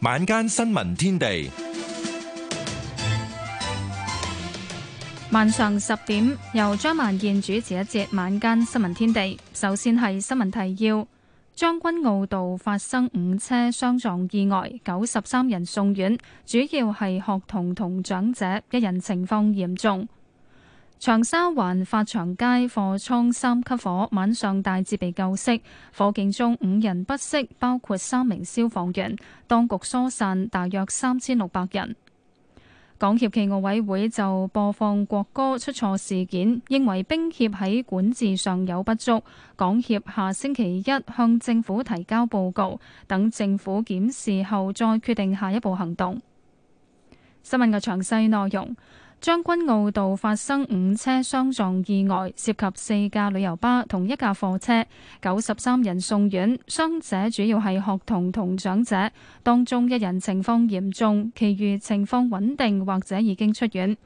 晚間新聞天地，晚上十點由張曼健主持一節晚間新聞天地。首先係新聞提要：將軍澳道發生五車相撞意外，九十三人送院，主要係學童同長者，一人情況嚴重。長沙灣發祥街貨倉三級火，晚上大致被救熄。火警中五人不適，包括三名消防員。當局疏散大約三千六百人。港協暨奧委會就播放國歌出錯事件，認為冰協喺管治上有不足。港協下星期一向政府提交報告，等政府檢視後再決定下一步行動。新聞嘅詳細內容。將軍澳道發生五車相撞意外，涉及四架旅遊巴同一架貨車，九十三人送院，傷者主要係學童同長者，當中一人情況嚴重，其餘情況穩定或者已經出院。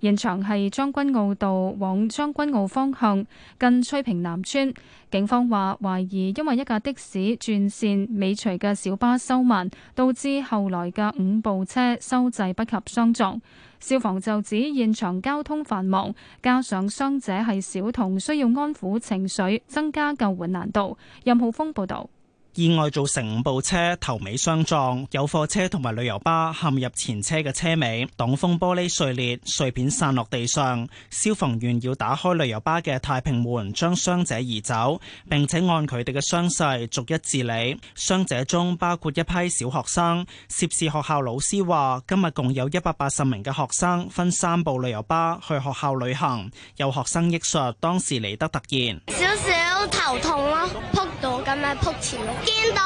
現場係將軍澳道往將軍澳方向近翠屏南村，警方話懷疑因為一架的士轉線尾隨嘅小巴收慢，導致後來嘅五部車收掣不及相撞。消防就指現場交通繁忙，加上傷者係小童，需要安撫情緒，增加救援難度。任浩峰報導。意外造成五部車頭尾相撞，有貨車同埋旅遊巴陷入前車嘅車尾，擋風玻璃碎裂，碎片散落地上。消防員要打開旅遊巴嘅太平門，將傷者移走，並且按佢哋嘅傷勢逐一治理。傷者中包括一批小學生。涉事學校老師話，今日共有一百八十名嘅學生分三部旅遊巴去學校旅行，有學生憶述當時嚟得突然，少少頭痛咯、啊。撲前咯，見到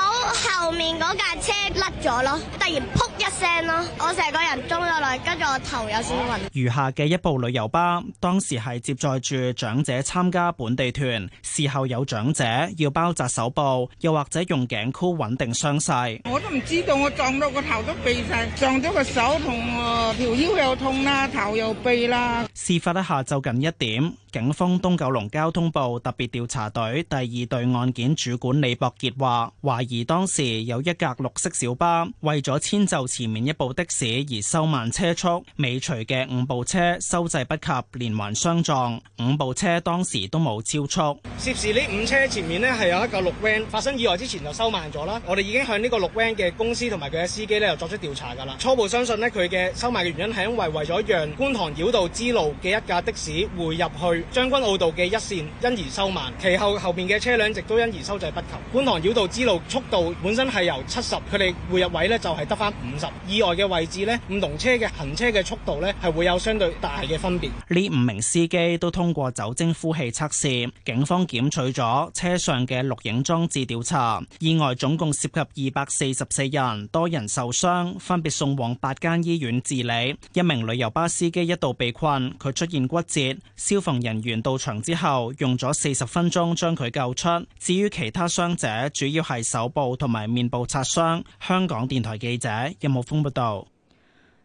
後面嗰架車甩咗咯，突然撲一聲咯，我成個人中咗落，跟住我頭有少少暈。餘下嘅一部旅遊巴，當時係接載住長者參加本地團，事後有長者要包紮手部，又或者用頸箍穩定傷勢。我都唔知道，我撞到個頭都痹晒，撞咗個手同條、啊、腰又痛啦、啊，頭又痹啦。事發得下晝近一點，警方東九龍交通部特別調查隊第二隊案件主管李。李博傑話：懷疑當時有一架綠色小巴為咗遷就前面一部的士而收慢車速，尾隨嘅五部車收掣不及，連環相撞。五部車當時都冇超速。涉事呢五車前面咧係有一架綠 van，發生意外之前就收慢咗啦。我哋已經向呢個綠 van 嘅公司同埋佢嘅司機咧，又作出調查噶啦。初步相信呢佢嘅收慢嘅原因係因為為咗讓觀塘繞道之路嘅一架的士匯入去將軍澳道嘅一綫，因而收慢。其後後面嘅車輛亦都因而收掣不及。觀塘繞道之路速度本身係由七十，佢哋匯入位呢，就係得返五十，以外嘅位置呢，唔同車嘅行車嘅速度呢，係會有相對大嘅分別。呢五名司機都通過酒精呼氣測試，警方檢取咗車上嘅錄影裝置調查。意外總共涉及二百四十四人，多人受傷，分別送往八間醫院治理。一名旅遊巴司機一度被困，佢出現骨折，消防人員到場之後用咗四十分鐘將佢救出。至於其他傷，者主要係手部同埋面部擦傷。香港電台記者任浩峰報道。有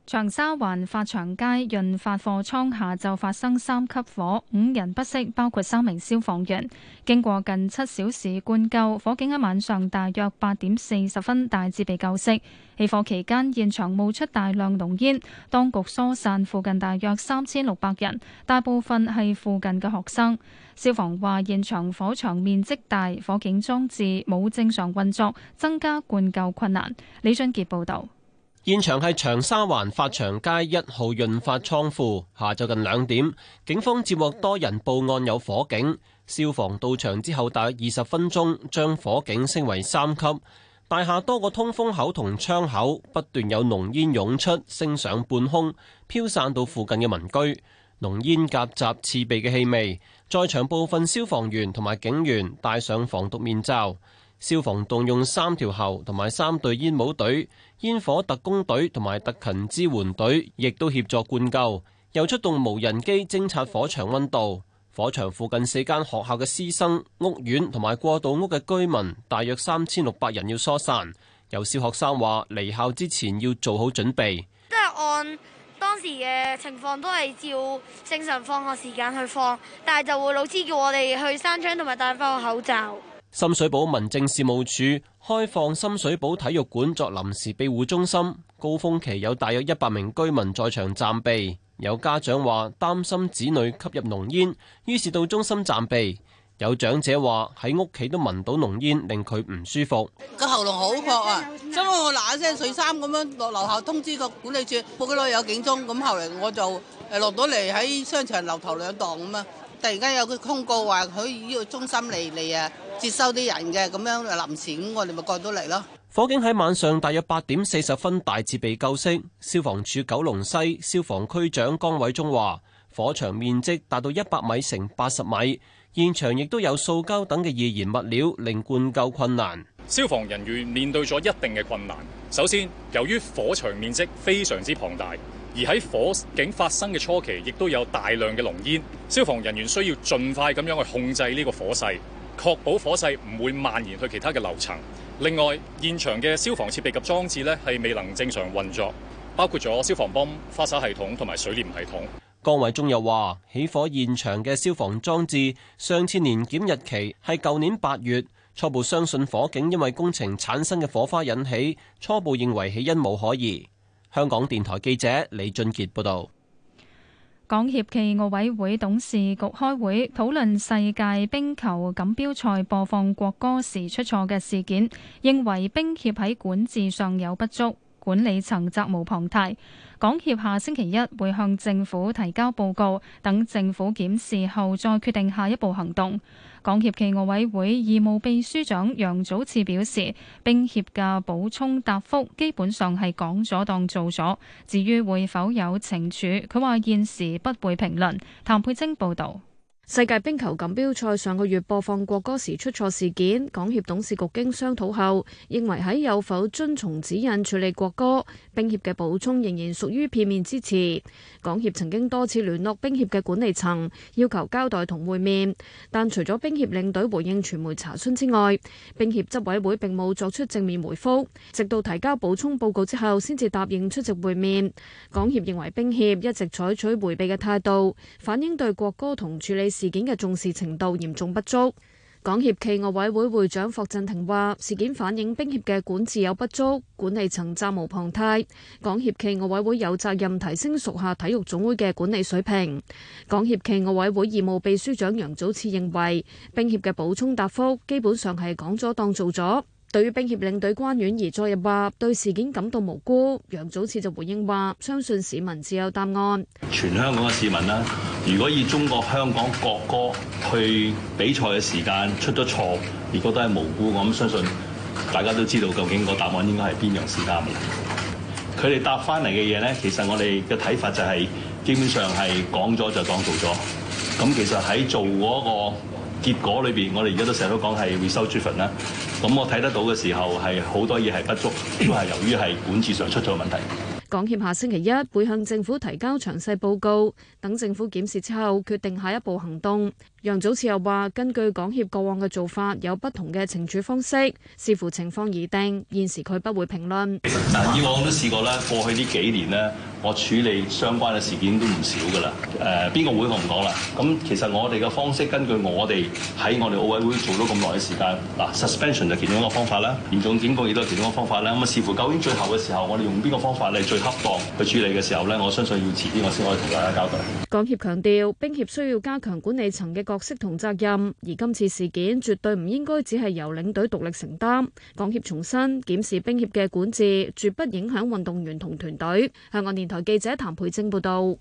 長沙灣發祥街潤發貨倉下晝發生三級火，五人不適，包括三名消防員。經過近七小時灌救，火警喺晚上大約八點四十分大致被救熄。起火期間，現場冒出大量濃煙，當局疏散附近大約三千六百人，大部分係附近嘅學生。消防話，現場火場面積大，火警裝置冇正常運作，增加灌救困難。李俊傑報道。現場係長沙灣發祥街一號潤發倉庫，下晝近兩點，警方接獲多人報案有火警，消防到場之後大約二十分鐘，將火警升為三級。大廈多個通風口同窗口不斷有濃煙湧出，升上半空，飄散到附近嘅民居。濃煙夾雜刺鼻嘅氣味，在場部分消防員同埋警員戴上防毒面罩。消防動用三條喉同埋三隊煙帽隊、煙火特工隊同埋特勤支援隊，亦都協助灌救，又出動無人機偵察火場温度。火場附近四間學校嘅師生、屋苑同埋過渡屋嘅居民，大約三千六百人要疏散。有小學生話：離校之前要做好準備，都係按當時嘅情況，都係照正常放學時間去放，但係就會老師叫我哋去閂窗同埋戴翻個口罩。深水埗民政事務處開放深水埗體育館作臨時庇護中心，高峰期有大約一百名居民在場暫避。有家長話擔心子女吸入濃煙，於是到中心暫避。有長者話喺屋企都聞到濃煙，令佢唔舒服，個喉嚨好痛啊！所以我嗱一聲水衫咁樣落樓下，樓下通知個管理處，報警有警鐘。咁後嚟我就誒落到嚟喺商場樓頭兩檔咁啊。突然間有個通告話佢呢個中心嚟嚟啊，接收啲人嘅咁樣，臨時咁我哋咪過到嚟咯。火警喺晚上大約八點四十分大致被救熄。消防處九龍西消防區長江偉忠話：火場面積達到一百米乘八十米，現場亦都有塑膠等嘅易燃物料，令灌救困難。消防人員面對咗一定嘅困難。首先，由於火場面積非常之龐大。而喺火警發生嘅初期，亦都有大量嘅濃煙，消防人員需要盡快咁樣去控制呢個火勢，確保火勢唔會蔓延去其他嘅樓層。另外，現場嘅消防設備及裝置呢係未能正常運作，包括咗消防泵、花灑系統同埋水簾系統。江偉忠又話：起火現場嘅消防裝置上次年檢日期係舊年八月，初步相信火警因為工程產生嘅火花引起，初步認為起因冇可疑。香港電台記者李俊杰報道。港協暨奧委會董事局開會討論世界冰球錦標賽播放國歌時出錯嘅事件，認為冰協喺管治上有不足，管理層責無旁貸。港協下星期一會向政府提交報告，等政府檢視後再決定下一步行動。港協暨奧委會義務秘書長楊祖慈表示，冰協嘅補充答覆基本上係講咗當做咗。至於會否有懲處，佢話現時不會評論。譚佩晶報導。世界冰球錦標賽上個月播放國歌時出錯事件，港協董事局經商討後，認為喺有否遵從指引處理國歌，冰協嘅補充仍然屬於片面之詞，港協曾經多次聯絡冰協嘅管理層，要求交代同會面，但除咗冰協領隊回應傳媒查詢之外，冰協執委會並冇作出正面回覆直到提交補充報告之後，先至答應出席會面。港協認為冰協一直採取迴避嘅態度，反映對國歌同處理事件嘅重視程度嚴重不足。港協暨奧委會會長霍震霆話：事件反映冰協嘅管治有不足，管理層責無旁貸。港協暨奧委會有責任提升屬下體育總會嘅管理水平。港協暨奧委會義務秘書長楊祖賜認為，冰協嘅補充答覆基本上係講咗當做咗。對於冰協領隊關婉怡昨日話對事件感到無辜，楊祖賜就回應話：相信市民自有答案。全香港嘅市民啦，如果以中國香港國歌去比賽嘅時間出咗錯，如果都係無辜我咁，相信大家都知道究竟個答案應該係邊樣時間嘅。佢哋答返嚟嘅嘢咧，其實我哋嘅睇法就係、是、基本上係講咗就講到咗。咁其實喺做嗰個。結果裏邊，我哋而家都成日都講係會收處分啦。咁我睇得到嘅時候係好多嘢係不足，都係由於係管治上出咗問題。港協下星期一會向政府提交詳細報告，等政府檢視之後決定下一步行動。楊祖次又話：根據港協過往嘅做法，有不同嘅懲處方式，視乎情況而定。現時佢不會評論。嗱，以往都試過啦，過去呢幾年呢。我處理相關嘅事件都唔少噶啦，誒、呃、邊個會我唔講啦。咁其實我哋嘅方式，根據我哋喺我哋奧委會做咗咁耐嘅時間，嗱，suspension 就其中一個方法啦，嚴重警告亦都係其中一個方法啦。咁啊，視乎究竟最後嘅時候，我哋用邊個方法嚟最恰當去處理嘅時候呢？我相信要遲啲我先可以同大家交代。港協強調，冰協需要加強管理層嘅角色同責任，而今次事件絕對唔應該只係由領隊獨立承擔。港協重申，檢視冰協嘅管治，絕不影響運動員同團隊。香港電台記者譚培貞報道，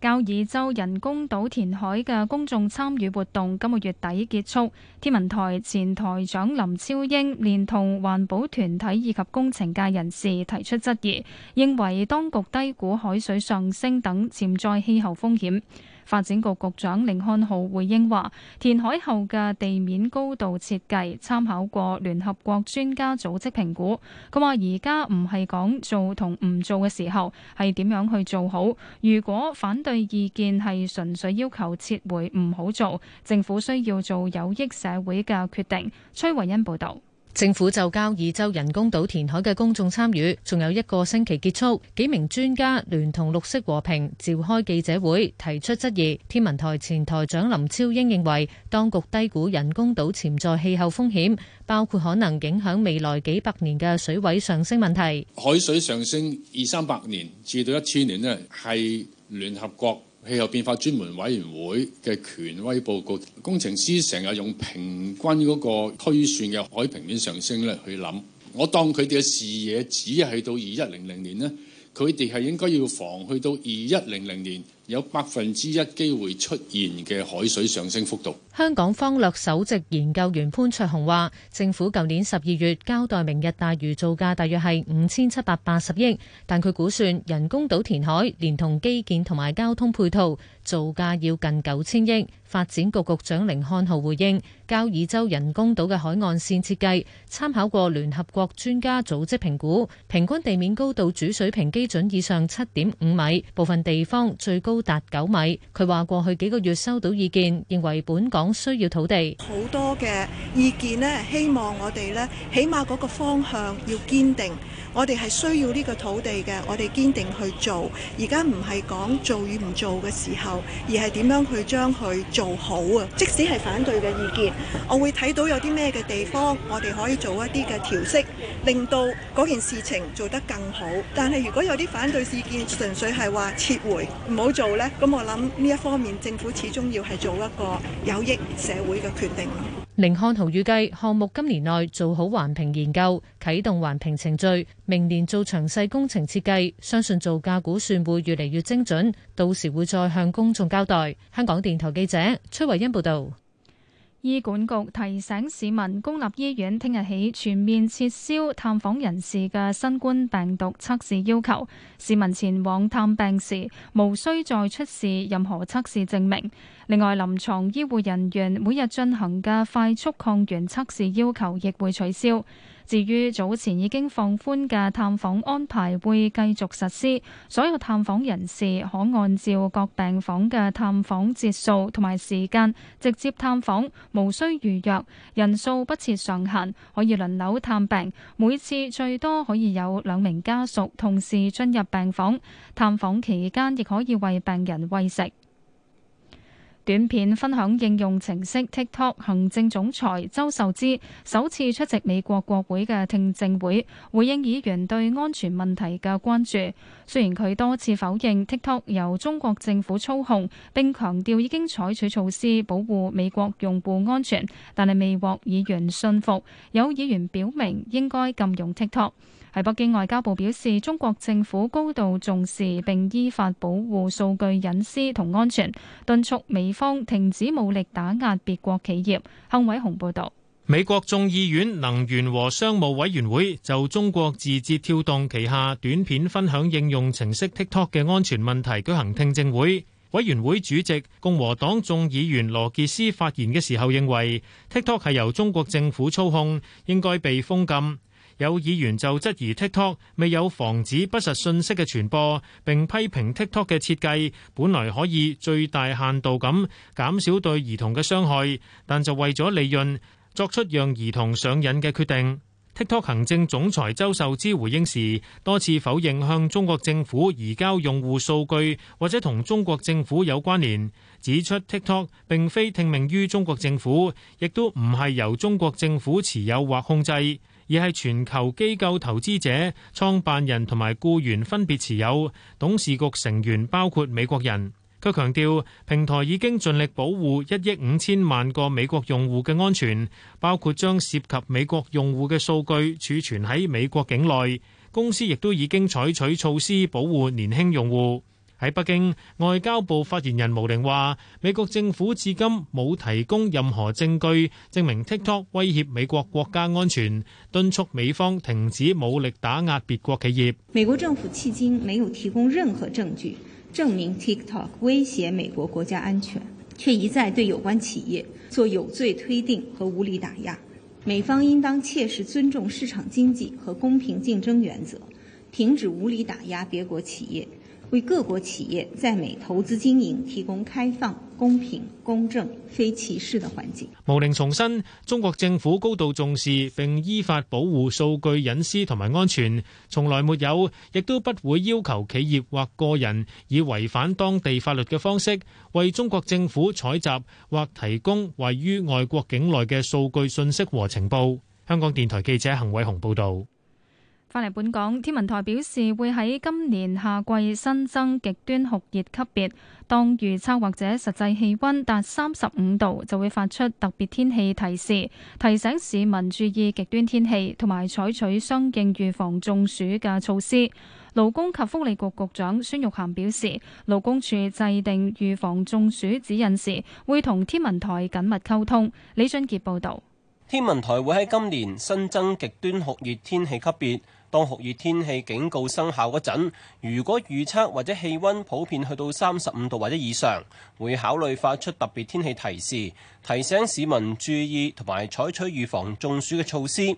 交椅洲人工島填海嘅公眾參與活動今個月底結束。天文台前台長林超英連同環保團體以及工程界人士提出質疑，認為當局低估海水上升等潛在氣候風險。發展局局長甯漢豪回應話：填海後嘅地面高度設計參考過聯合國專家組織評估。佢話：而家唔係講做同唔做嘅時候，係點樣去做好？如果反對意見係純粹要求撤回，唔好做，政府需要做有益社會嘅決定。崔惠恩報導。政府就交椅洲人工島填海嘅公眾參與，仲有一個星期結束。幾名專家聯同綠色和平召開記者會，提出質疑。天文台前台長林超英認為，當局低估人工島潛在氣候風險，包括可能影響未來幾百年嘅水位上升問題。海水上升二三百年至到一千年咧，係聯合國氣候變化專門委員會嘅權威報告，工程師成日用平均嗰個推算嘅海平面上升咧去諗，我當佢哋嘅視野只係到二一零零年咧，佢哋係應該要防去到二一零零年。有百分之一機會出現嘅海水上升幅度。香港方略首席研究員潘卓雄話，政府舊年十二月交代明日大嶼造價大約係五千七百八十億，但佢估算人工島填海連同基建同埋交通配套造價要近九千億。發展局局長甯漢豪回應，交椅洲人工島嘅海岸線設計參考過聯合國專家組織評估，平均地面高度主水平基準以上七點五米，部分地方最高高達九米。佢話過去幾個月收到意見，認為本港需要土地，好多嘅意見咧，希望我哋咧起碼嗰個方向要堅定。我哋係需要呢個土地嘅，我哋堅定去做。而家唔係講做與唔做嘅時候，而係點樣去將佢做好啊！即使係反對嘅意見，我會睇到有啲咩嘅地方，我哋可以做一啲嘅調適，令到嗰件事情做得更好。但係如果有啲反對事件，純粹係話撤回，唔好做。咁我諗呢一方面，政府始終要係做一個有益社會嘅決定。寧漢豪預計項目今年內做好環評研究，啟動環評程序，明年做詳細工程設計，相信造價估算會越嚟越精準，到時會再向公眾交代。香港電台記者崔慧欣報道。醫管局提醒市民，公立醫院聽日起全面撤銷探訪人士嘅新冠病毒測試要求，市民前往探病時無需再出示任何測試證明。另外，臨床醫護人員每日進行嘅快速抗原測試要求亦會取消。至於早前已經放寬嘅探訪安排，會繼續實施。所有探訪人士可按照各病房嘅探訪節數同埋時間直接探訪，無需預約，人數不設上限，可以輪流探病，每次最多可以有兩名家屬同時進入病房，探訪期間亦可以為病人餵食。短片分享應用程式 TikTok 行政總裁周受資首次出席美國國會嘅聽證會，回應議員對安全問題嘅關注。雖然佢多次否認 TikTok 由中國政府操控，並強調已經採取措施保護美國用戶安全，但係未獲議員信服。有議員表明應該禁用 TikTok、ok。喺北京外交部表示，中國政府高度重視並依法保護數據隱私同安全，敦促美方停止武力打壓別國企業。康偉雄報道，美國眾議院能源和商務委員會就中國字節跳動旗下短片分享應用程式 TikTok 嘅安全問題舉行聽證會。委員會主席共和黨眾議員羅傑斯發言嘅時候認為，TikTok，ok，係由中國政府操控，應該被封禁。有議員就質疑 TikTok 未有防止不實信息嘅傳播，並批評 TikTok 嘅設計本來可以最大限度咁減少對兒童嘅傷害，但就為咗利潤作出讓兒童上癮嘅決定。TikTok 行政總裁周受資回應時多次否認向中國政府移交用戶數據或者同中國政府有關聯，指出 TikTok 並非聽命於中國政府，亦都唔係由中國政府持有或控制。而係全球機構投資者、創辦人同埋僱員分別持有，董事局成員包括美國人。佢強調平台已經盡力保護一億五千萬個美國用戶嘅安全，包括將涉及美國用戶嘅數據儲存喺美國境內，公司亦都已經採取措施保護年輕用戶。喺北京，外交部發言人毛寧話，美國政府至今冇提供任何證據證明 TikTok 威脅美國國家安全，敦促美方停止武力打壓別國企業。美國政府迄今沒有提供任何證據證明 TikTok 威脅美國國家安全，卻一再對有關企業做有罪推定和無理打壓。美方應當切實尊重市場經濟和公平競爭原則，停止無理打壓別國企業。為各國企業在美投資經營提供開放、公平、公正、非歧視的環境。毛寧重申，中國政府高度重視並依法保護數據隱私同埋安全，從來沒有，亦都不會要求企業或個人以違反當地法律嘅方式為中國政府採集或提供位於外國境內嘅數據信息和情報。香港電台記者恒偉雄報導。返嚟本港，天文台表示會喺今年夏季新增極端酷熱級別，當預測或者實際氣溫達三十五度，就會發出特別天氣提示，提醒市民注意極端天氣同埋採取相應預防中暑嘅措施。勞工及福利局局長孫玉菡表示，勞工處制定預防中暑指引時，會同天文台緊密溝通。李俊杰報道，天文台會喺今年新增極端酷熱天氣級別。當酷熱天氣警告生效嗰陣，如果預測或者氣溫普遍去到三十五度或者以上，會考慮發出特別天氣提示，提醒市民注意同埋採取預防中暑嘅措施。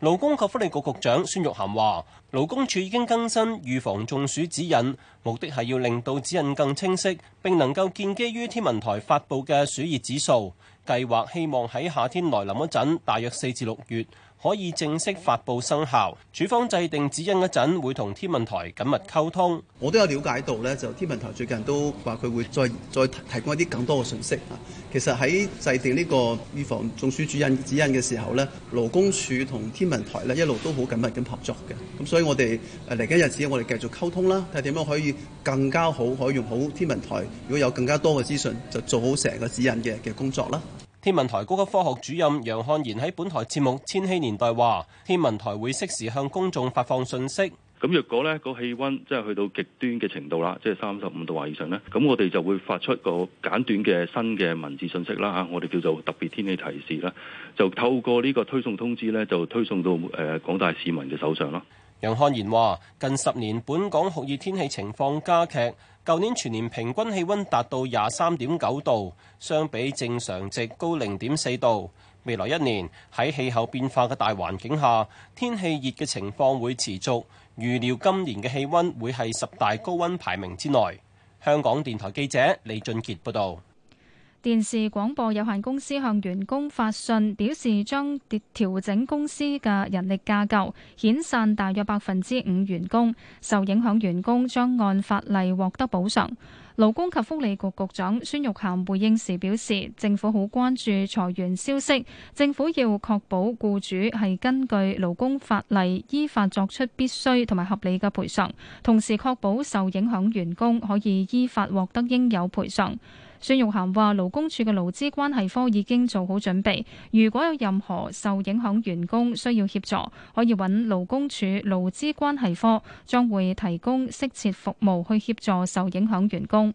勞工及福利局局長孫玉菡話，勞工處已經更新預防中暑指引，目的係要令到指引更清晰，並能夠建基於天文台發佈嘅暑熱指數。計劃希望喺夏天來臨嗰陣，大約四至六月，可以正式發布生效。處方制定指引嗰陣，會同天文台緊密溝通。我都有了解到咧，就天文台最近都話佢會再再提供一啲更多嘅信息啊。其實喺制定呢個預防中暑主任指引嘅時候咧，勞工處同天文台咧一路都好緊密咁合作嘅。咁所以我哋嚟緊日子，我哋繼續溝通啦。睇點樣可以更加好，可以用好天文台。如果有更加多嘅資訊，就做好成個指引嘅嘅工作啦。天文台高級科學主任楊漢賢喺本台節目《千禧年代》話，天文台會適時向公眾發放信息。咁若果呢個氣温即係去到極端嘅程度啦，即係三十五度或以上呢，咁我哋就會發出個簡短嘅新嘅文字信息啦。吓，我哋叫做特別天氣提示啦，就透過呢個推送通知呢，就推送到誒廣大市民嘅手上咯。楊漢炎話：近十年本港酷熱天氣情況加劇，舊年全年平均氣溫達到廿三點九度，相比正常值高零點四度。未來一年喺氣候變化嘅大環境下，天氣熱嘅情況會持續。預料今年嘅氣溫會係十大高溫排名之內。香港電台記者李俊傑報道。電視廣播有限公司向員工發信，表示將調整公司嘅人力架構，遣散大約百分之五員工。受影響員工將按法例獲得補償。勞工及福利局局長孫玉菡回應時表示，政府好關注裁員消息，政府要確保僱主係根據勞工法例依法作出必須同埋合理嘅賠償，同時確保受影響員工可以依法獲得應有賠償。孫玉菡話：勞工處嘅勞資關係科已經做好準備，如果有任何受影響員工需要協助，可以揾勞工處勞資關係科，將會提供適切服務去協助受影響員工。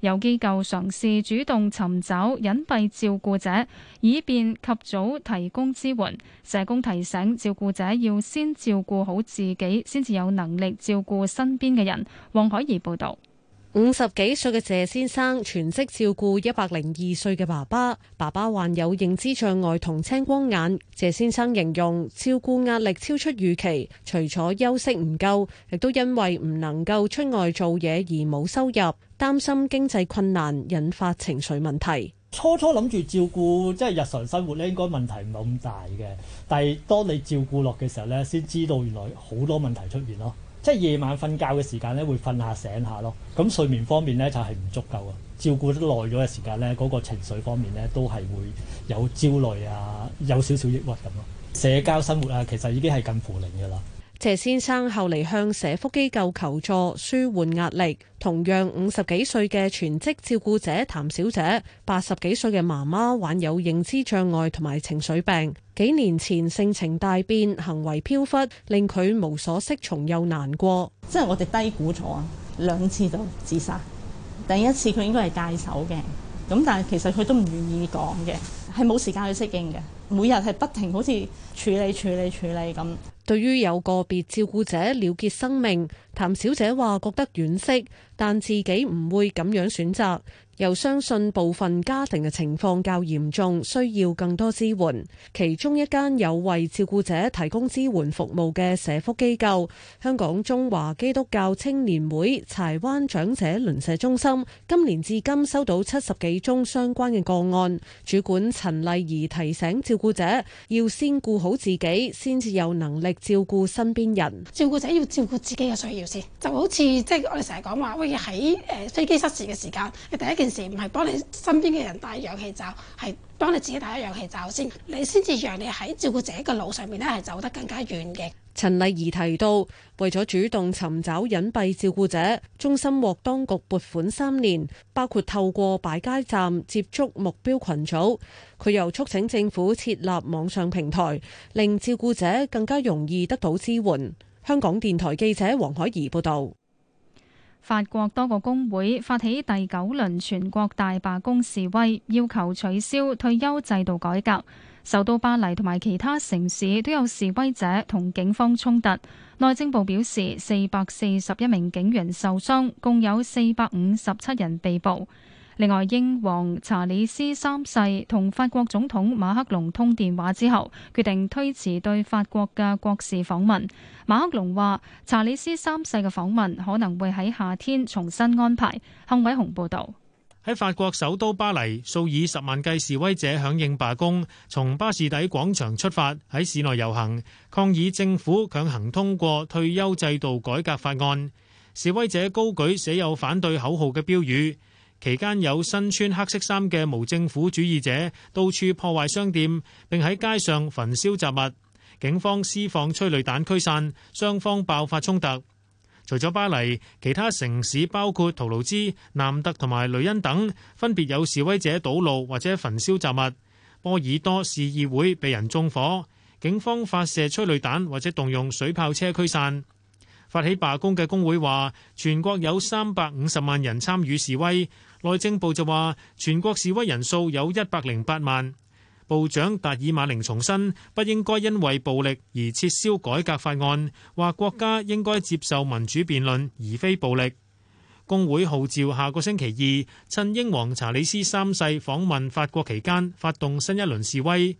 有機構嘗試主動尋找隱蔽照顧者，以便及早提供支援。社工提醒照顧者要先照顧好自己，先至有能力照顧身邊嘅人。黃海怡報導，五十幾歲嘅謝先生全職照顧一百零二歲嘅爸爸，爸爸患有認知障礙同青光眼。謝先生形容照顧壓力超出預期，除咗休息唔夠，亦都因為唔能夠出外做嘢而冇收入。擔心經濟困難引發情緒問題。初初諗住照顧即係日常生活咧，應該問題唔係咁大嘅。但係當你照顧落嘅時候咧，先知道原來好多問題出現咯。即係夜晚瞓覺嘅時間咧，會瞓下醒下咯。咁睡眠方面咧就係唔足夠啊。照顧得耐咗嘅時間咧，嗰個情緒方面咧都係會有焦慮啊，有少少抑鬱咁咯。社交生活啊，其實已經係近乎零噶啦。謝先生後嚟，向社福機構求助舒緩壓力。同樣五十幾歲嘅全職照顧者譚小姐，八十幾歲嘅媽媽患有認知障礙同埋情緒病，幾年前性情大變，行為飄忽，令佢無所適從又難過。即係我哋低估咗，啊，兩次就自殺。第一次佢應該係界手嘅，咁但係其實佢都唔願意講嘅，係冇時間去適應嘅，每日係不停好似處理處理處理咁。對於有個別照顧者了結生命。譚小姐話覺得惋惜，但自己唔會咁樣選擇，又相信部分家庭嘅情況較嚴重，需要更多支援。其中一間有為照顧者提供支援服務嘅社福機構——香港中華基督教青年會柴灣長者鄰舍中心，今年至今收到七十幾宗相關嘅個案。主管陳麗儀提醒照顧者要先顧好自己，先至有能力照顧身邊人。照顧者要照顧自己嘅所就好似即係我哋成日講話，喂喺，誒，飛機失事嘅時間，你第一件事唔係幫你身邊嘅人戴氧氣罩，係幫你自己戴個氧氣罩先，你先至讓你喺照顧者嘅路上面咧，係走得更加遠嘅。陳麗儀提到，為咗主動尋找隱蔽照顧者，中心獲當局撥款三年，包括透過擺街站接觸目標群組。佢又促請政府設立網上平台，令照顧者更加容易得到支援。香港電台記者黃海怡報道：法國多個工會發起第九輪全國大罷工示威，要求取消退休制度改革。首都巴黎同埋其他城市都有示威者同警方衝突。內政部表示，四百四十一名警員受傷，共有四百五十七人被捕。另外，英皇查理斯三世同法國總統馬克龍通電話之後，決定推遲對法國嘅國事訪問。馬克龍話：查理斯三世嘅訪問可能會喺夏天重新安排。康偉雄報導。喺法國首都巴黎，數以十萬計示威者響應罷工，從巴士底廣場出發，喺市內遊行，抗議政府強行通過退休制度改革法案。示威者高舉寫有反對口號嘅標語。期間有身穿黑色衫嘅無政府主義者到處破壞商店，並喺街上焚燒雜物。警方施放催淚彈驅散，雙方爆發衝突。除咗巴黎，其他城市包括圖盧茲、南特同埋雷恩等，分別有示威者堵路或者焚燒雜物。波爾多市議會被人縱火，警方發射催淚彈或者動用水炮車驅散。發起罷工嘅工會話，全國有三百五十萬人參與示威。內政部就話，全國示威人數有一百零八萬。部長達爾馬寧重申，不應該因為暴力而撤銷改革法案，話國家應該接受民主辯論，而非暴力。工會號召下個星期二，趁英皇查理斯三世訪問法國期間，發動新一輪示威。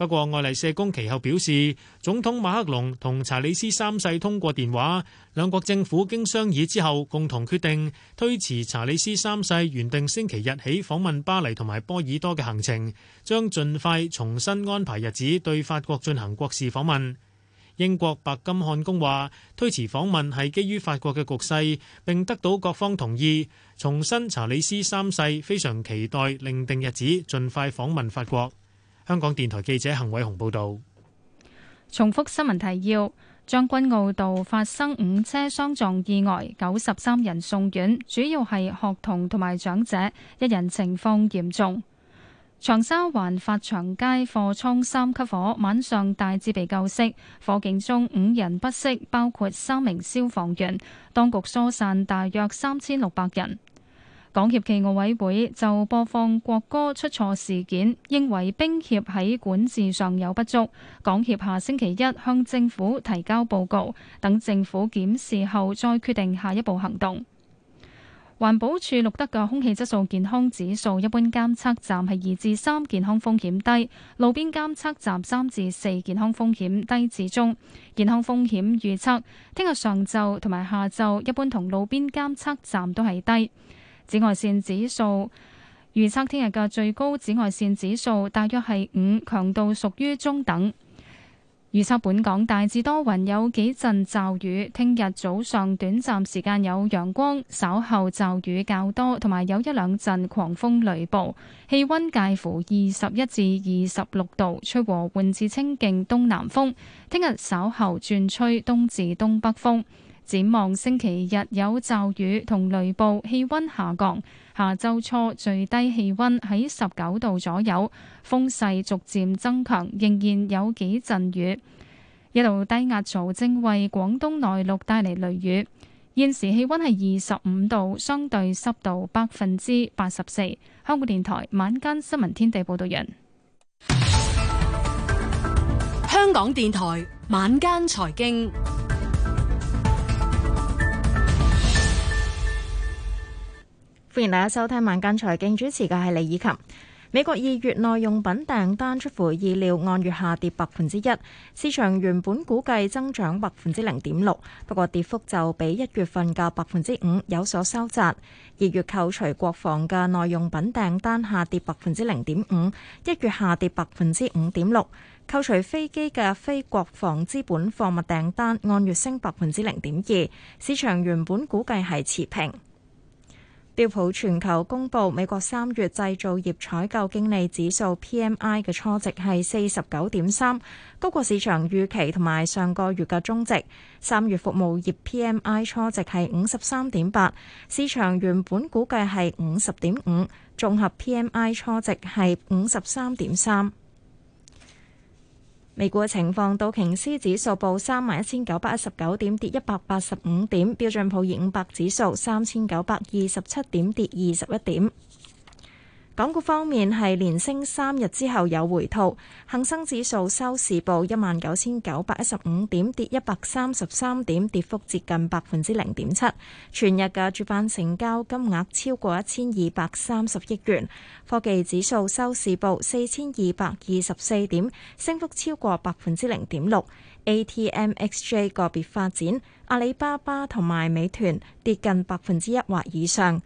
不過，愛麗舍宮其後表示，總統馬克龍同查理斯三世通過電話，兩國政府經商議之後，共同決定推遲查理斯三世原定星期日起訪問巴黎同埋波爾多嘅行程，將盡快重新安排日子對法國進行國事訪問。英國白金漢宮話，推遲訪問係基於法國嘅局勢，並得到各方同意。重申查理斯三世非常期待另定日子，盡快訪問法國。香港電台記者邢偉雄報道。重複新聞提要：將軍澳道發生五車相撞意外，九十三人送院，主要係學童同埋長者，一人情況嚴重。長沙灣發祥街貨倉三級火，晚上大致被救熄，火警中五人不適，包括三名消防員，當局疏散大約三千六百人。港協暨奧委會就播放國歌出錯事件，認為冰協喺管治上有不足。港協下星期一向政府提交報告，等政府檢視後再決定下一步行動。環保署錄得嘅空氣質素健康指數，一般監測站係二至三，健康風險低；路邊監測站三至四，健康風險低至中。健康風險預測：聽日上晝同埋下晝，一般同路邊監測站都係低。紫外線指數預測，聽日嘅最高紫外線指數大約係五，強度屬於中等。預測本港大致多雲，有幾陣驟雨。聽日早上短暫時間有陽光，稍後驟雨較多，同埋有一兩陣狂風雷暴。氣溫介乎二十一至二十六度，吹和緩至清勁東南風。聽日稍後轉吹東至東北風。展望星期日有驟雨同雷暴，氣溫下降。下周初最低氣溫喺十九度左右，風勢逐漸增強，仍然有幾陣雨。一道低壓槽正為廣東內陸帶嚟雷雨。現時氣溫係二十五度，相對濕度百分之八十四。香港電台晚間新聞天地報道員。香港電台晚間財經。歡迎大家收聽《晚間財經》，主持嘅係李以琴。美國二月耐用品訂單出乎意料按月下跌百分之一，市場原本估計增長百分之零點六，不過跌幅就比一月份嘅百分之五有所收窄。二月扣除國防嘅耐用品訂單下跌百分之零點五，一月下跌百分之五點六。扣除飛機嘅非國防資本貨物訂單按月升百分之零點二，市場原本估計係持平。標普全球公布美國三月製造業採購經理指數 （PMI） 嘅初值係四十九點三，高過市場預期同埋上個月嘅終值。三月服務業 PMI 初值係五十三點八，市場原本估計係五十點五。綜合 PMI 初值係五十三點三。美股嘅情況，道瓊斯指數報三萬一千九百一十九點，跌一百八十五點，標準普爾五百指數三千九百二十七點，跌二十一點。港股方面係連升三日之後有回吐，恆生指數收市報一萬九千九百一十五點，跌一百三十三點，跌幅接近百分之零點七。全日嘅主板成交金額超過一千二百三十億元。科技指數收市報四千二百二十四點，升幅超過百分之零點六。ATMXJ 個別發展，阿里巴巴同埋美團跌近百分之一或以上。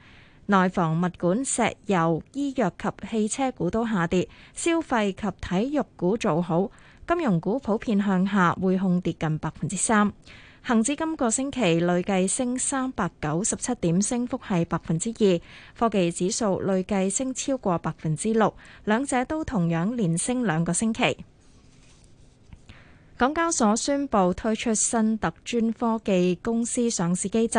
內房、物管、石油、醫藥及汽車股都下跌，消費及體育股做好，金融股普遍向下，匯控跌近百分之三。恆指今個星期累計升三百九十七點，升幅係百分之二。科技指數累計升超過百分之六，兩者都同樣連升兩個星期。港交所宣布推出新特專科技公司上市機制，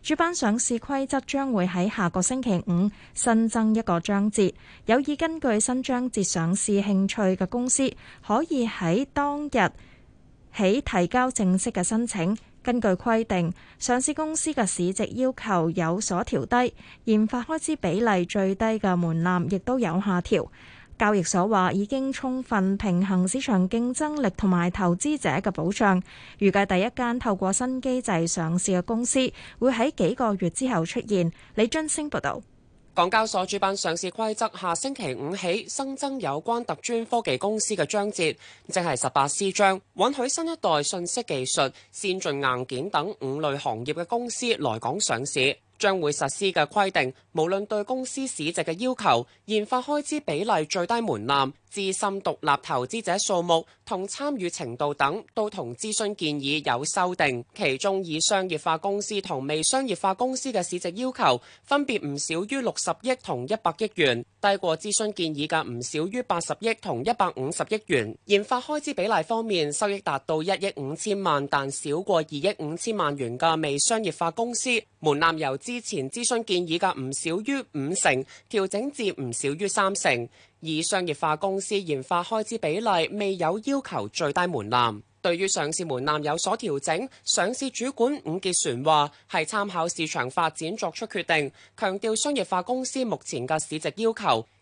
主板上市規則將會喺下個星期五新增一個章節，有意根據新章節上市興趣嘅公司，可以喺當日起提交正式嘅申請，根據規定，上市公司嘅市值要求有所調低，研發開支比例最低嘅門檻亦都有下調。交易所話已經充分平衡市場競爭力同埋投資者嘅保障，預計第一間透過新機制上市嘅公司會喺幾個月之後出現。李津升報道，港交所主板上市規則下星期五起新增有關特專科技公司嘅章節，即係十八 C 章，允許新一代信息技術、先進硬件等五類行業嘅公司來港上市。將會實施嘅規定，無論對公司市值嘅要求、研發開支比例最低門檻、資深獨立投資者數目同參與程度等，都同諮詢建議有修訂。其中以商業化公司同未商業化公司嘅市值要求，分別唔少於六十億同一百億元，低過諮詢建議嘅唔少於八十億同一百五十億元。研發開支比例方面，收益達到一億五千萬但少過二億五千萬元嘅未商業化公司，門檻由。之前諮詢建議嘅唔少於五成，調整至唔少於三成。以商業化公司研發開支比例，未有要求最低門檻。對於上市門檻有所調整，上市主管伍潔璇話係參考市場發展作出決定，強調商業化公司目前嘅市值要求，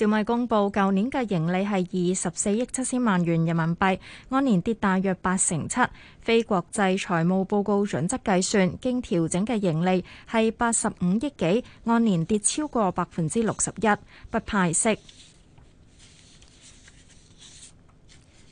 小米公布，舊年嘅盈利係二十四億七千萬元人民幣，按年跌大約八成七。非國際財務報告準則計算，經調整嘅盈利係八十五億幾，按年跌超過百分之六十一，不派息。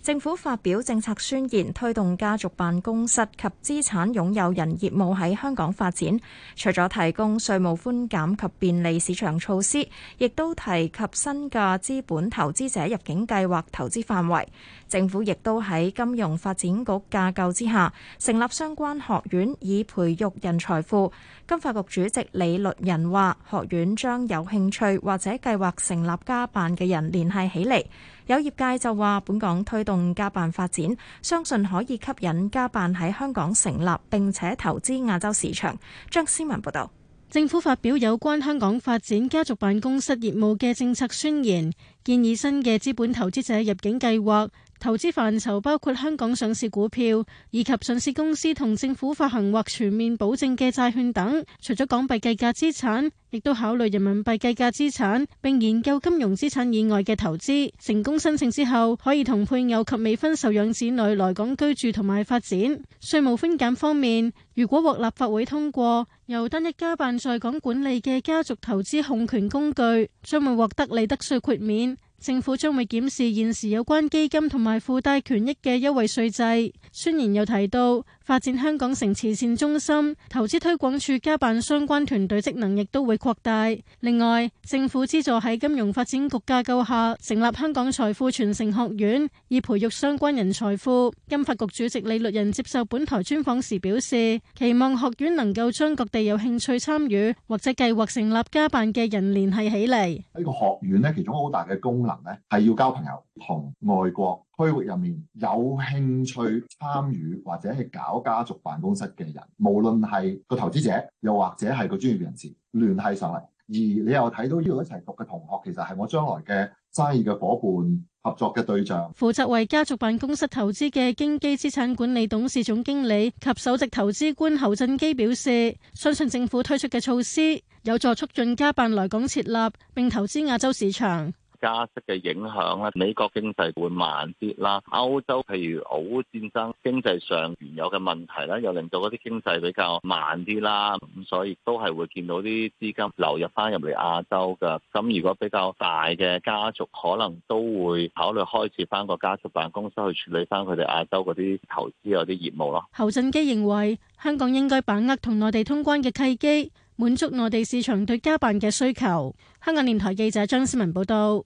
政府發表政策宣言，推動家族辦公室及資產擁有人業務喺香港發展。除咗提供稅務寬減及便利市場措施，亦都提及新嘅資本投資者入境計劃投資範圍。政府亦都喺金融發展局架構之下成立相關學院，以培育人才庫。金發局主席李律仁話：學院將有興趣或者計劃成立家辦嘅人聯繫起嚟。有業界就話，本港推動家辦發展，相信可以吸引家辦喺香港成立並且投資亞洲市場。張思文報導，政府發表有關香港發展家族辦公室業務嘅政策宣言，建議新嘅資本投資者入境計劃。投資範疇包括香港上市股票，以及上市公司同政府發行或全面保證嘅債券等，除咗港幣計價資產，亦都考慮人民幣計價資產，並研究金融資產以外嘅投資。成功申請之後，可以同配偶及未婚受養子女來港居住同埋發展。稅務分減方面，如果獲立法會通過，由單一家辦在港管理嘅家族投資控權工具，將會獲得利得稅豁免。政府將會檢視現時有關基金同埋附帶權益嘅優惠稅制。宣言又提到，發展香港成慈善中心，投資推廣署加辦相關團隊職能亦都會擴大。另外，政府資助喺金融發展局架構下成立香港財富傳承學院，以培育相關人才庫。金發局主席李律仁接受本台專訪時表示，期望學院能夠將各地有興趣參與或者計劃成立加辦嘅人聯繫起嚟。呢個學院呢，其中好大嘅功能呢，係要交朋友，同外國區域入面有興趣參與或者係搞家族辦公室嘅人，無論係個投資者又或者係個專業人士聯繫上嚟。而你又睇到呢度一齊讀嘅同學，其實係我將來嘅生意嘅伙伴合作嘅對象。負責為家族辦公室投資嘅京基資產管理董事總經理及首席投資官侯振基表示，相信政府推出嘅措施有助促進家辦來港設立，並投資亞洲市場。 加息嘅影響咧，美國經濟會慢啲啦。歐洲譬如俄烏戰爭，經濟上原有嘅問題咧，又令到嗰啲經濟比較慢啲啦。咁所以都係會見到啲資金流入返入嚟亞洲嘅。咁如果比較大嘅家族，可能都會考慮開始返個家族辦公室去處理返佢哋亞洲嗰啲投資嗰啲業務咯。侯振基認為香港應該把握同內地通關嘅契機。滿足內地市場對家辦嘅需求。香港電台記者張思文報道，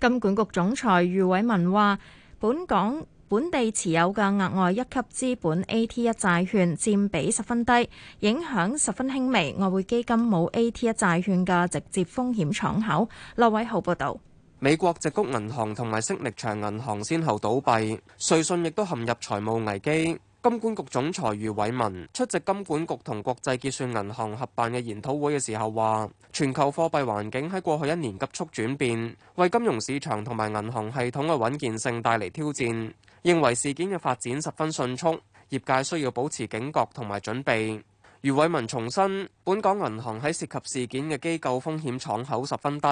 金管局總裁余偉文話，本港本地持有嘅額外一級資本 AT1 債券佔比十分低，影響十分輕微。外匯基金冇 AT1 債券嘅直接風險敞口。羅偉豪報道，美國矽谷銀行同埋息力牆銀行先後倒閉，瑞信亦都陷入財務危機。金管局總裁余偉文出席金管局同國際結算銀行合辦嘅研討會嘅時候，話全球貨幣環境喺過去一年急速轉變，為金融市場同埋銀行系統嘅穩健性帶嚟挑戰。認為事件嘅發展十分迅速，業界需要保持警覺同埋準備。余偉文重申，本港銀行喺涉及事件嘅機構風險敞口十分低，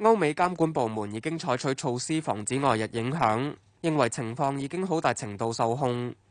歐美監管部門已經採取措施防止外溢影響，認為情況已經好大程度受控。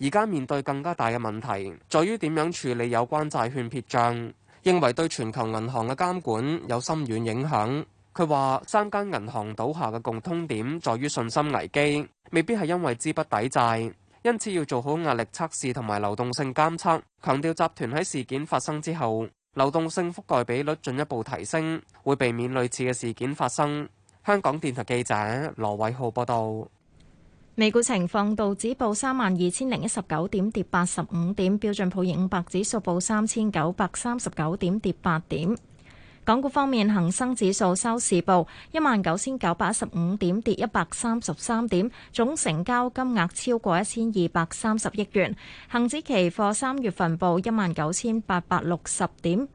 而家面對更加大嘅問題，在於點樣處理有關債券撇帳，認為對全球銀行嘅監管有深遠影響。佢話三間銀行倒下嘅共通點，在於信心危機，未必係因為資不抵債。因此要做好壓力測試同埋流動性監測，強調集團喺事件發生之後，流動性覆蓋比率進一步提升，會避免類似嘅事件發生。香港電台記者羅偉浩報道。美股情況，道指報三萬二千零一十九點，跌八十五點；標準普爾五百指數報三千九百三十九點，跌八點。港股方面，恆生指數收市報一萬九千九百一十五點，跌一百三十三點；總成交金額超過一千二百三十億元。恆指期貨三月份報一萬九千八百六十點，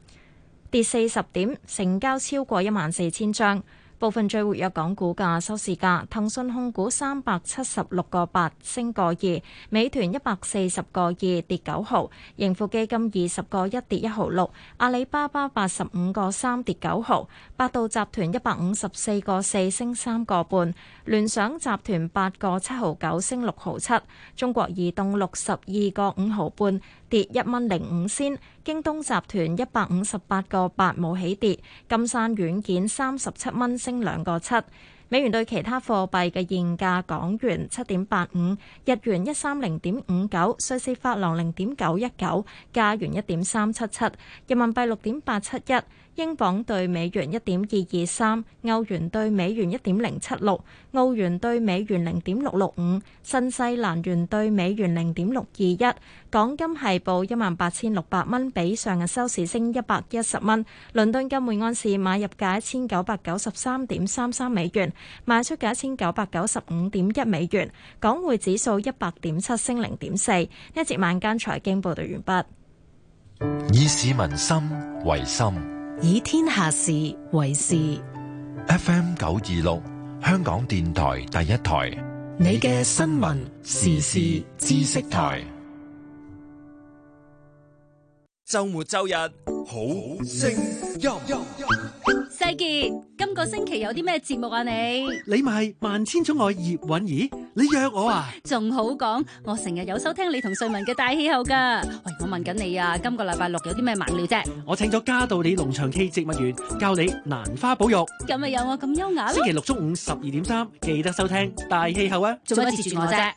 跌四十點，成交超過一萬四千張。部分最活躍港股價收市價，騰訊控股三百七十六個八升個二，美團一百四十個二跌九毫，盈富基金二十個一跌一毫六，阿里巴巴八十五個三跌九毫，百度集團一百五十四個四升三個半，聯想集團八個七毫九升六毫七，中國移動六十二個五毫半，1> 跌一蚊零五仙，京東集團一百五十八個八冇起跌，金山軟件三十七蚊升兩個七，美元兌其他貨幣嘅現價：港元七點八五，日元一三零點五九，瑞士法郎零點九一九，加元一點三七七，人民幣六點八七一。英鎊兌美元一點二二三，歐元兌美元一點零七六，澳元兌美元零點六六五，新西蘭元兌美元零點六二一。港金係報一萬八千六百蚊，比上日收市升一百一十蚊。倫敦金每安士買入價一千九百九十三點三三美元，賣出價一千九百九十五點一美元。港匯指數一百點七升零點四。一節晚間財經報道完畢。以市民心為心。以天下事為事。FM 九二六，香港電台第一台。你嘅新聞時事知識台。周末周日，好聲音。細杰，今個星期有啲咩節目啊？你你咪萬千寵愛葉允兒，你約我啊？仲好講，我成日有收聽你同瑞文嘅大氣候噶。喂，我問緊你啊，今個禮拜六有啲咩猛料啫？我請咗嘉道理農場暨植物園教你蘭花保育，今日有我咁優雅？星期六中午十二點三記得收聽大氣候啊！做乜截住我啫？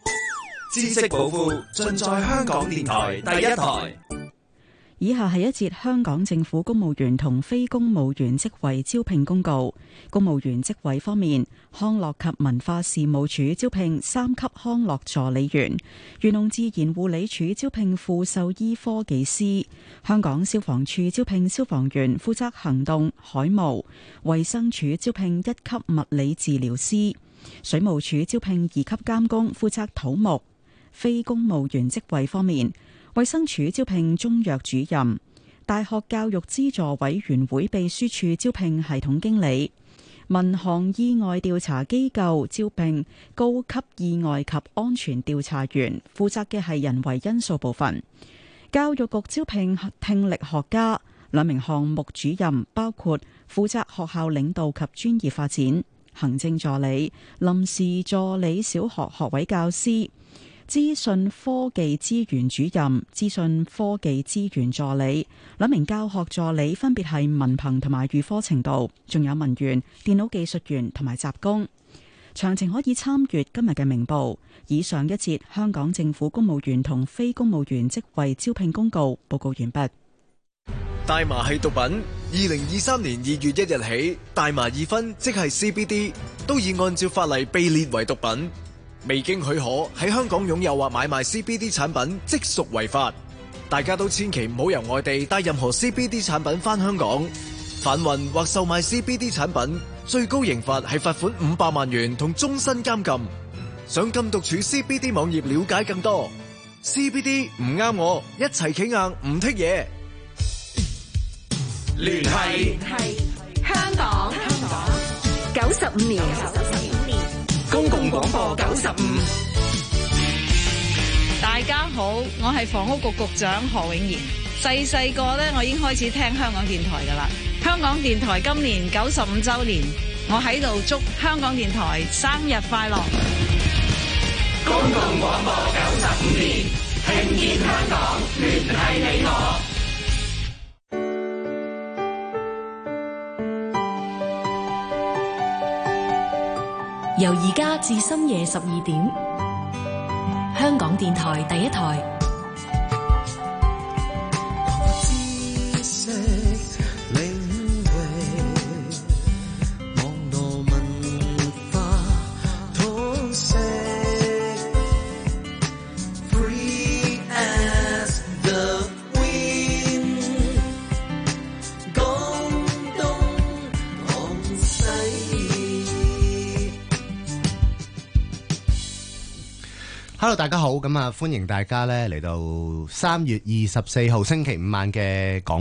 知識寶庫盡在香港電台第一台。以下係一節香港政府公務員同非公務員職位招聘公告。公務員職位方面，康樂及文化事務署招聘三級康樂助理員；漁農自然護理署招聘副獸醫科技師；香港消防處招聘消防員負責行動海務；衛生署招聘一級物理治療師；水務署招聘二級監工負責土木。非公務員職位方面。衛生署招聘中藥主任，大學教育資助委員會秘書處招聘系統經理，民航意外調查機構招聘高級意外及安全調查員，負責嘅係人為因素部分。教育局招聘聽力學家，兩名項目主任包括負責學校領導及專業發展、行政助理、臨時助理小學學位教師。資訊科技資源主任、資訊科技資源助理、兩名教學助理分別係文憑同埋預科程度，仲有文員、電腦技術員同埋雜工。詳情可以參閱今日嘅明報。以上一節，香港政府公務員同非公務員職位招聘公告。報告完畢。大麻係毒品。二零二三年二月一日起，大麻二酚即係 CBD 都已按照法例被列為毒品。未經許可喺香港擁有或買賣 CBD 產品即屬違法，大家都千祈唔好由外地帶任何 CBD 產品翻香港。販運或售賣 CBD 產品最高刑罰係罰款五百萬元同終身監禁。嗯、想禁毒處 CBD 網頁了解更多。CBD 唔啱我，一齊企硬唔剔嘢。聯繫聯繫香港香港九十五年。廣播九十五，大家好，我係房屋局局長何永賢。細細個咧，我已經開始聽香港電台噶啦。香港電台今年九十五周年，我喺度祝香港電台生日快樂。公共廣播九十五年，聽見香港，聯繫你我。由而家至深夜十二點，香港電台第一台。hello，大家好，咁啊，歡迎大家咧嚟到三月二十四號星期五晚嘅講。